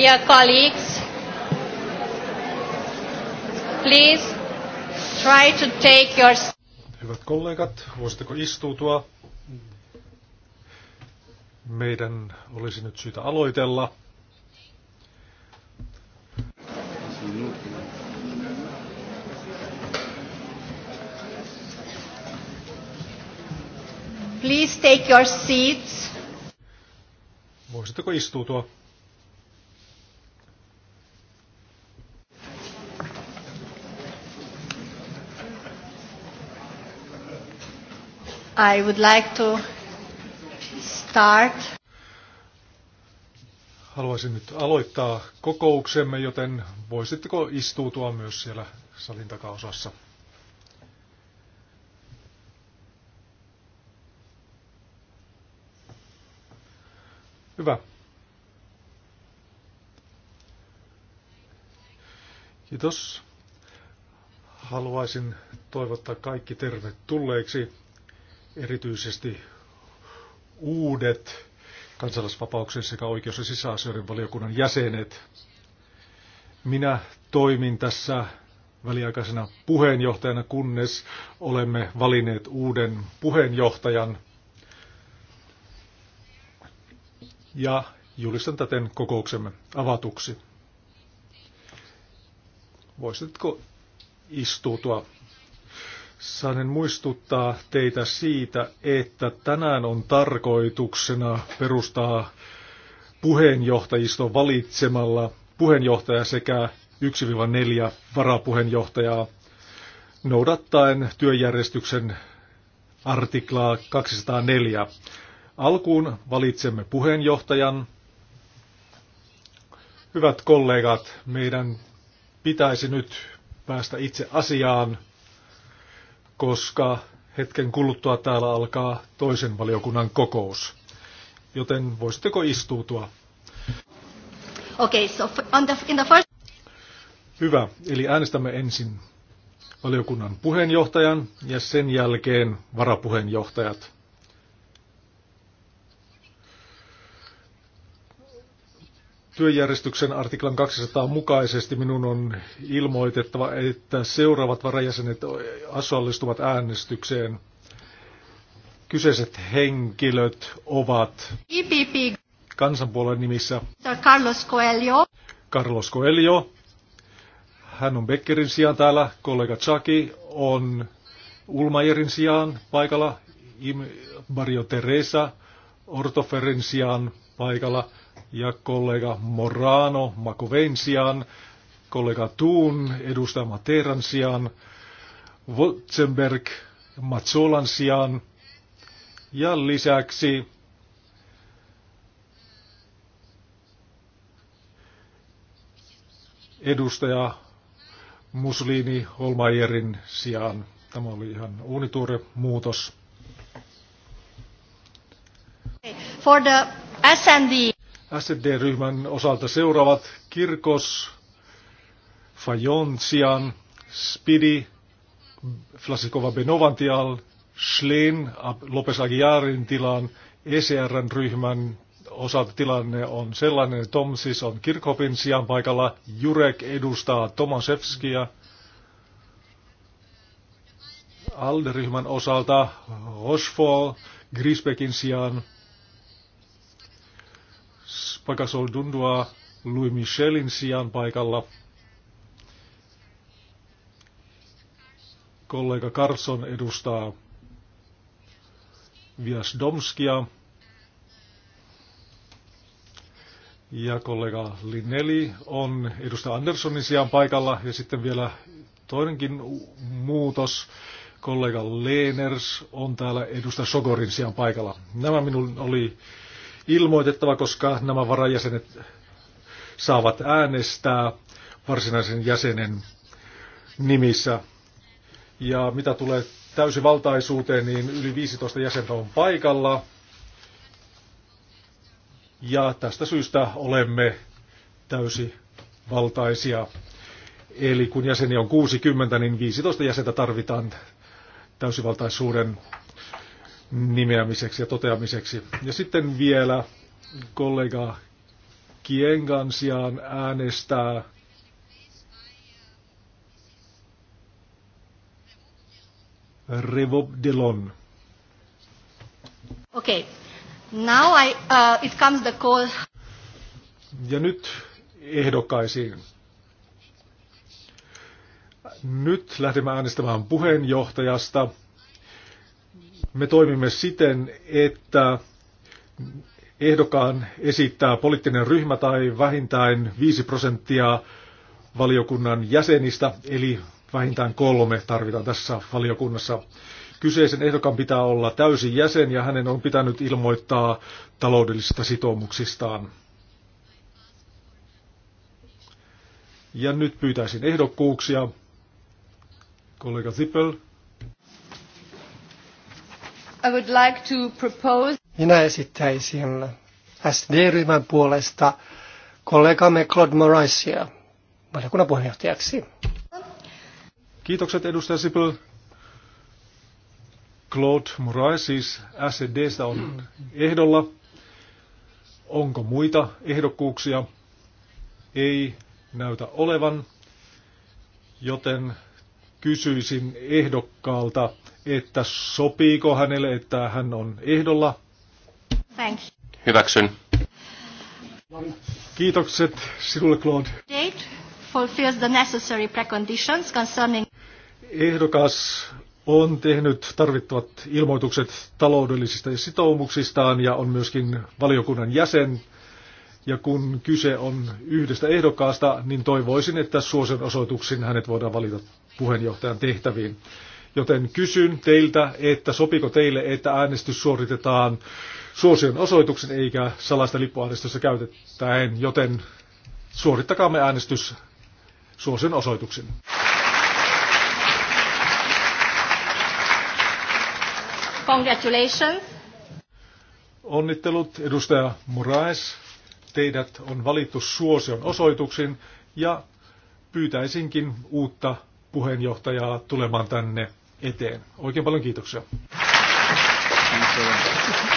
Dear colleagues, please try to take your... Hyvät kollegat, voisitteko istuutua? Meidän olisi nyt syytä aloitella. Please take your seats. Voisitteko istuutua? I would like to start. Haluaisin nyt aloittaa kokouksemme, joten voisitteko istuutua myös siellä salin takaosassa? Hyvä. Kiitos. Haluaisin toivottaa kaikki tervetulleeksi erityisesti uudet kansalaisvapauksien sekä oikeus- ja sisäasioiden valiokunnan jäsenet. Minä toimin tässä väliaikaisena puheenjohtajana, kunnes olemme valinneet uuden puheenjohtajan. Ja julistan täten kokouksemme avatuksi. Voisitko istuutua Saanen muistuttaa teitä siitä, että tänään on tarkoituksena perustaa puheenjohtajisto valitsemalla puheenjohtaja sekä 1-4 varapuheenjohtajaa noudattaen työjärjestyksen artiklaa 204. Alkuun valitsemme puheenjohtajan. Hyvät kollegat, meidän pitäisi nyt päästä itse asiaan koska hetken kuluttua täällä alkaa toisen valiokunnan kokous. Joten voisitteko istuutua? Okay, so on the, in the first... Hyvä, eli äänestämme ensin valiokunnan puheenjohtajan ja sen jälkeen varapuheenjohtajat. työjärjestyksen artiklan 200 mukaisesti minun on ilmoitettava, että seuraavat varajäsenet osallistuvat äänestykseen. Kyseiset henkilöt ovat IPP. kansanpuolen nimissä Carlos Coelho. Carlos Coelho. Hän on Beckerin sijaan täällä. Kollega Chucky on Ulmajerin sijaan paikalla. Im Mario Teresa Ortoferin sijaan paikalla ja kollega Morano Makovensian, kollega Tuun Edustama Teransian, Wotzenberg Matsolansian ja lisäksi edustaja Musliini Holmajerin sijaan. Tämä oli ihan uunituore muutos. For the SND. SD-ryhmän osalta seuraavat Kirkos, Fajonsian, Spidi, Flasikova Benovantial, Schlein, Lopes Aguiarin tilaan, ecr ryhmän osalta tilanne on sellainen, että Tomsis on Kirkhopin sijaan paikalla, Jurek edustaa Tomaszewskia, Alderyhmän osalta Rochefort Grisbeckin sijaan, Pakasol Dundua Louis Michelin sijaan paikalla. Kollega Carson edustaa Viasdomskia. Ja kollega Linneli on edustaja Anderssonin sijaan paikalla. Ja sitten vielä toinenkin muutos. Kollega Leeners on täällä edustaja Sogorin sijaan paikalla. Nämä minun oli ilmoitettava, koska nämä varajäsenet saavat äänestää varsinaisen jäsenen nimissä. Ja mitä tulee täysivaltaisuuteen, niin yli 15 jäsentä on paikalla. Ja tästä syystä olemme täysivaltaisia. Eli kun jäseni on 60, niin 15 jäsentä tarvitaan täysivaltaisuuden nimeämiseksi ja toteamiseksi. Ja sitten vielä kollega Kiengansiaan äänestää Revobdelon. Okei. Okay. Now I, uh, it comes the call. Ja nyt ehdokkaisiin. Nyt lähdemme äänestämään puheenjohtajasta. Me toimimme siten, että ehdokkaan esittää poliittinen ryhmä tai vähintään 5 prosenttia valiokunnan jäsenistä, eli vähintään kolme tarvitaan tässä valiokunnassa. Kyseisen ehdokan pitää olla täysin jäsen ja hänen on pitänyt ilmoittaa taloudellisista sitoumuksistaan. Ja nyt pyytäisin ehdokkuuksia. Kollega Zippel. I would like to propose... Minä esittäisin SD-ryhmän puolesta kollegamme Claude Moraisia valiokunnan puheenjohtajaksi. Kiitokset edustaja Sipel. Claude Moraes siis SDstä on ehdolla. Onko muita ehdokkuuksia? Ei näytä olevan, joten kysyisin ehdokkaalta, että sopiiko hänelle, että hän on ehdolla. Thank you. Hyväksyn. Kiitokset sinulle, Claude. Date fulfills the necessary preconditions concerning... Ehdokas on tehnyt tarvittavat ilmoitukset taloudellisista sitoumuksistaan ja on myöskin valiokunnan jäsen. Ja kun kyse on yhdestä ehdokkaasta, niin toivoisin, että suosion osoituksin hänet voidaan valita puheenjohtajan tehtäviin. Joten kysyn teiltä, että sopiko teille, että äänestys suoritetaan suosion osoituksen eikä salaista lippuäänestystä käytettäen, joten suorittakaamme äänestys suosion osoituksen. Congratulations. Onnittelut edustaja Moraes. Teidät on valittu suosion osoituksin ja pyytäisinkin uutta puheenjohtajaa tulemaan tänne eteen. Oikein paljon kiitoksia. Kiitos.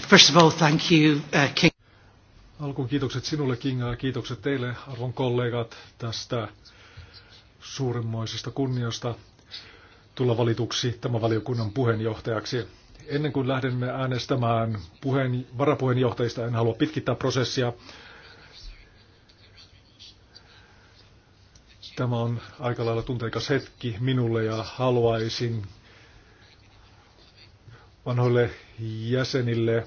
Uh, first of all, thank you, uh, King. Alkuun kiitokset sinulle, Kinga, ja kiitokset teille, arvon kollegat, tästä suuremmoisesta kunniasta tulla valituksi tämän valiokunnan puheenjohtajaksi. Ennen kuin lähdemme äänestämään puheen, varapuheenjohtajista, en halua pitkittää prosessia. Tämä on aika lailla tunteikas hetki minulle ja haluaisin vanhoille jäsenille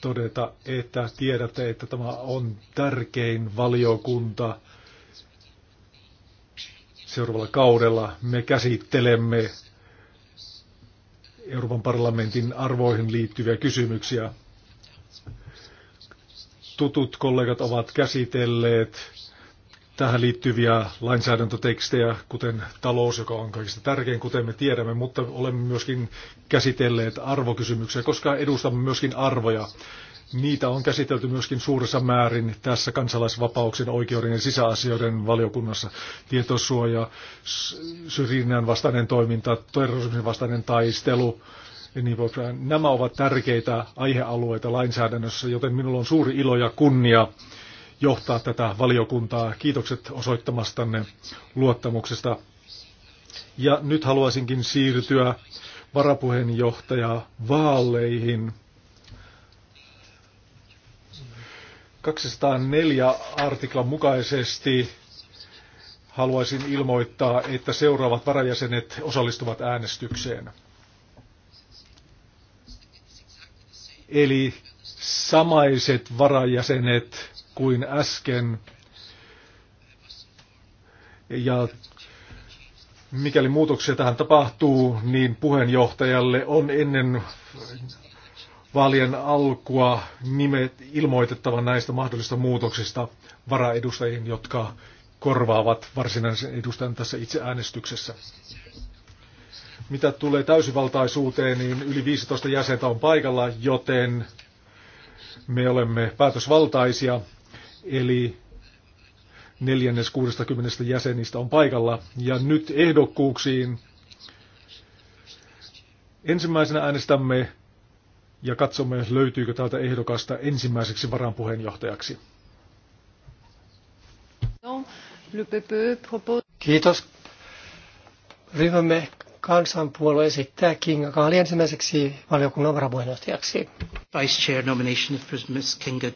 todeta, että tiedätte, että tämä on tärkein valiokunta seuraavalla kaudella. Me käsittelemme Euroopan parlamentin arvoihin liittyviä kysymyksiä. Tutut kollegat ovat käsitelleet tähän liittyviä lainsäädäntötekstejä, kuten talous, joka on kaikista tärkein, kuten me tiedämme, mutta olemme myöskin käsitelleet arvokysymyksiä, koska edustamme myöskin arvoja. Niitä on käsitelty myöskin suuressa määrin tässä kansalaisvapauksen, oikeuden ja sisäasioiden valiokunnassa. Tietosuoja, syrjinnän vastainen toiminta, terrorismin vastainen taistelu, niin Nämä ovat tärkeitä aihealueita lainsäädännössä, joten minulla on suuri ilo ja kunnia johtaa tätä valiokuntaa. Kiitokset osoittamastanne luottamuksesta. Ja nyt haluaisinkin siirtyä varapuheenjohtaja vaaleihin. 204 artiklan mukaisesti haluaisin ilmoittaa, että seuraavat varajäsenet osallistuvat äänestykseen. Eli samaiset varajäsenet kuin äsken. Ja mikäli muutoksia tähän tapahtuu, niin puheenjohtajalle on ennen vaalien alkua nimet ilmoitettava näistä mahdollisista muutoksista varaedustajien, jotka korvaavat varsinaisen edustajan tässä itse äänestyksessä. Mitä tulee täysivaltaisuuteen, niin yli 15 jäsentä on paikalla, joten me olemme päätösvaltaisia eli neljännes 60 jäsenistä on paikalla. Ja nyt ehdokkuuksiin. Ensimmäisenä äänestämme ja katsomme, löytyykö täältä ehdokasta ensimmäiseksi varanpuheenjohtajaksi. Kiitos. Ryhmämme kansanpuolue esittää Kinga Kaali ensimmäiseksi valiokunnan varapuheenjohtajaksi. Vice Chair nomination of Ms. Kinga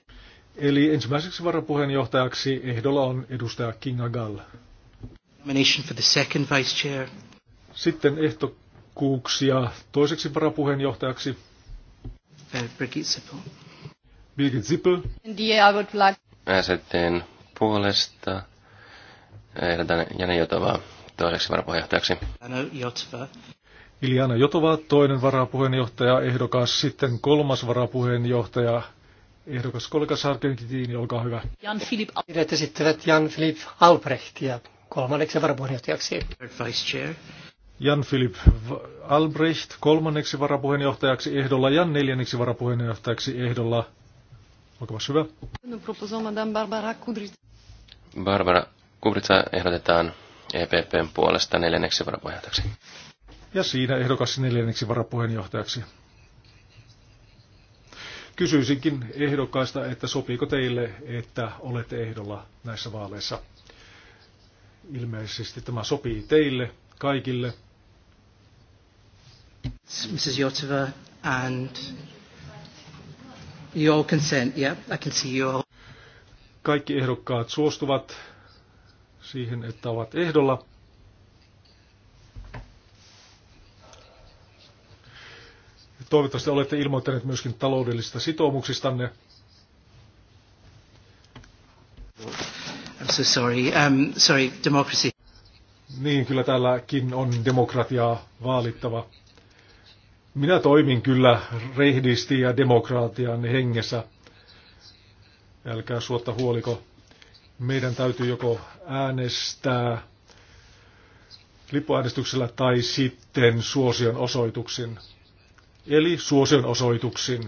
Eli ensimmäiseksi varapuheenjohtajaksi ehdolla on edustaja Kinga Gall. Sitten ehtokuuksia toiseksi varapuheenjohtajaksi. Uh, Birgit Zippel. Birgit Zippel. Sitten puolesta ehdotan Jana Jotovaa toiseksi varapuheenjohtajaksi. Jana Jotova. Iljana Jotova, toinen varapuheenjohtaja ehdokas, sitten kolmas varapuheenjohtaja ehdokas kollega Sargentini, olkaa hyvä. Jan Philip Albrecht esittävät Jan Philip Albrechtia kolmanneksi varapuheenjohtajaksi. Vice Chair. Jan Philip Albrecht kolmanneksi varapuheenjohtajaksi ehdolla ja neljänneksi varapuheenjohtajaksi ehdolla. Olkaa hyvä. Barbara Kudritsa. Barbara Kudritsa ehdotetaan EPPn puolesta neljänneksi varapuheenjohtajaksi. Ja siinä ehdokas neljänneksi varapuheenjohtajaksi. Kysyisinkin ehdokkaista, että sopiiko teille, että olette ehdolla näissä vaaleissa. Ilmeisesti tämä sopii teille kaikille. Mrs. Jotova and you all consent, yeah, I can see you all. Kaikki ehdokkaat suostuvat siihen, että ovat ehdolla. Toivottavasti olette ilmoittaneet myöskin taloudellisista sitoumuksistanne. I'm so sorry. Um, sorry, democracy. Niin, kyllä täälläkin on demokratiaa vaalittava. Minä toimin kyllä rehdisti ja demokraatian hengessä. Älkää suotta huoliko. Meidän täytyy joko äänestää lippuäänestyksellä tai sitten suosion osoituksin eli suosion osoituksin.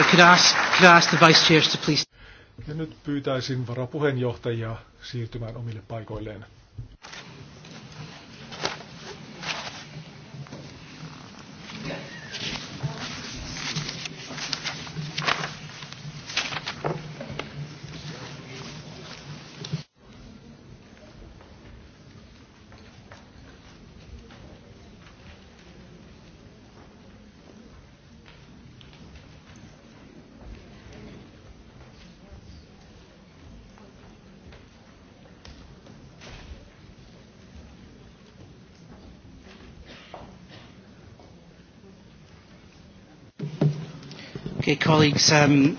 Uh, ja nyt pyytäisin varapuheenjohtajia siirtymään omille paikoilleen. Okay, colleagues, um,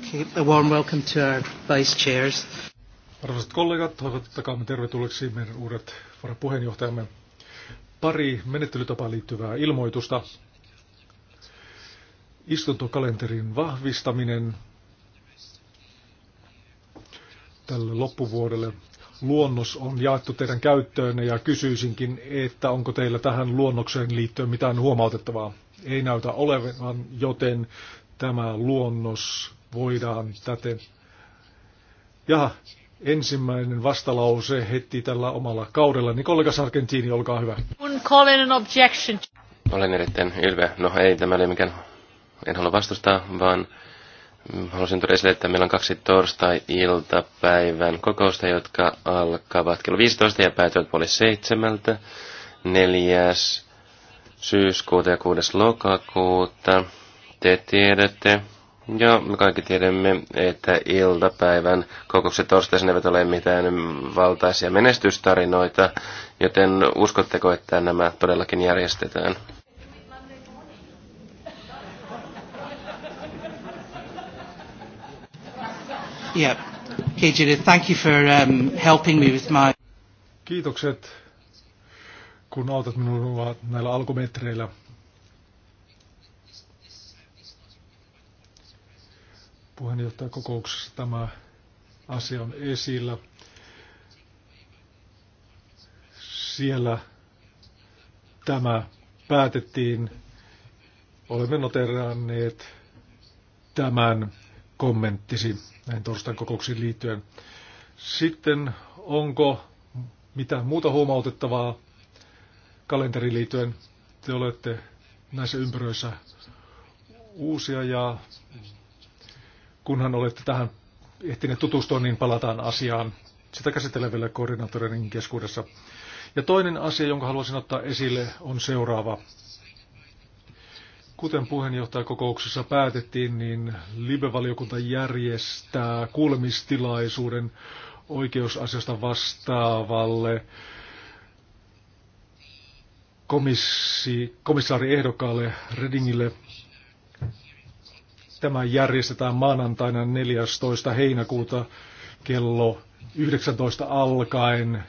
okay, a warm welcome to our vice chairs. Arvoisat kollegat, toivotakaamme tervetulleeksi meidän uudet varapuheenjohtajamme. Pari menettelytapaan liittyvää ilmoitusta. Istuntokalenterin vahvistaminen tälle loppuvuodelle luonnos on jaettu teidän käyttöön ja kysyisinkin, että onko teillä tähän luonnokseen liittyen mitään huomautettavaa. Ei näytä olevan, joten tämä luonnos voidaan täten. Ja ensimmäinen vastalause heti tällä omalla kaudella. Niin kollega Sargentini, olkaa hyvä. Olen erittäin ylpeä. No ei, tämä ei mikään... En halua vastustaa, vaan Haluaisin tuoda esille, että meillä on kaksi torstai-iltapäivän kokousta, jotka alkavat kello 15 ja päätyvät puoli seitsemältä. Neljäs syyskuuta ja kuudes lokakuuta. Te tiedätte, ja me kaikki tiedämme, että iltapäivän kokoukset torstaisin eivät ole mitään valtaisia menestystarinoita, joten uskotteko, että nämä todellakin järjestetään? Okay, Judith, thank you for um, helping me with my... Kiitokset, kun autat minua näillä alkumetreillä. Puheenjohtajakokouksessa tämä asia on esillä. Siellä tämä päätettiin. Olemme noteranneet tämän kommenttisi näin torstain kokouksiin liittyen. Sitten onko mitä muuta huomautettavaa kalenteriin liittyen? Te olette näissä ympyröissä uusia ja kunhan olette tähän ehtineet tutustua, niin palataan asiaan sitä käsitteleville koordinaattoreiden keskuudessa. Ja toinen asia, jonka haluaisin ottaa esille, on seuraava. Kuten puheenjohtajakokouksessa päätettiin, niin Libe-valiokunta järjestää kuulemistilaisuuden oikeusasiasta vastaavalle komissi, komissaariehdokkaalle Redingille. Tämä järjestetään maanantaina 14. heinäkuuta kello 19 alkaen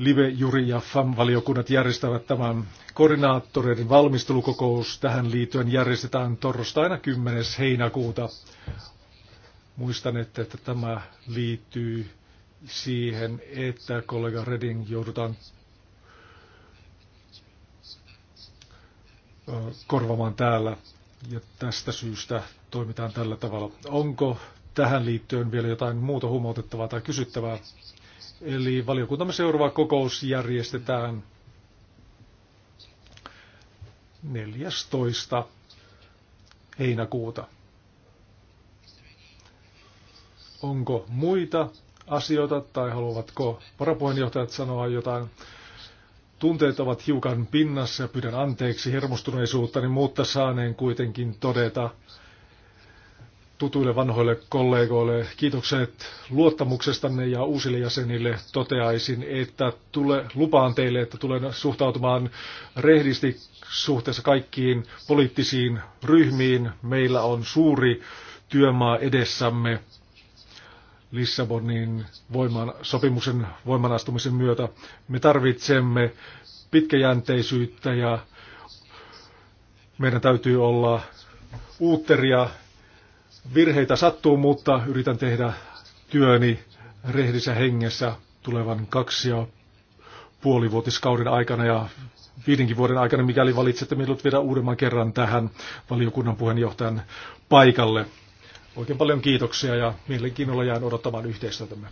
Live, Juri ja FAM-valiokunnat järjestävät tämän koordinaattoreiden valmistelukokous. Tähän liittyen järjestetään torstaina 10. heinäkuuta. Muistan, että, että tämä liittyy siihen, että kollega Reding joudutaan korvamaan täällä. Ja tästä syystä toimitaan tällä tavalla. Onko tähän liittyen vielä jotain muuta huomautettavaa tai kysyttävää? Eli valiokuntamme seuraava kokous järjestetään 14. heinäkuuta. Onko muita asioita tai haluavatko varapuheenjohtajat sanoa jotain? Tunteet ovat hiukan pinnassa ja pyydän anteeksi hermostuneisuuttani, niin mutta saaneen kuitenkin todeta, tutuille vanhoille kollegoille. Kiitokset luottamuksestanne ja uusille jäsenille toteaisin, että tule, lupaan teille, että tulen suhtautumaan rehdisti suhteessa kaikkiin poliittisiin ryhmiin. Meillä on suuri työmaa edessämme Lissabonin voiman, sopimuksen voimanastumisen myötä. Me tarvitsemme pitkäjänteisyyttä ja meidän täytyy olla uutteria Virheitä sattuu, mutta yritän tehdä työni rehdissä hengessä tulevan kaksi ja puolivuotiskauden aikana ja viidenkin vuoden aikana, mikäli valitsette minut vielä uudemman kerran tähän valiokunnan puheenjohtajan paikalle. Oikein paljon kiitoksia ja mielenkiinnolla jään odottamaan yhteistyötämme.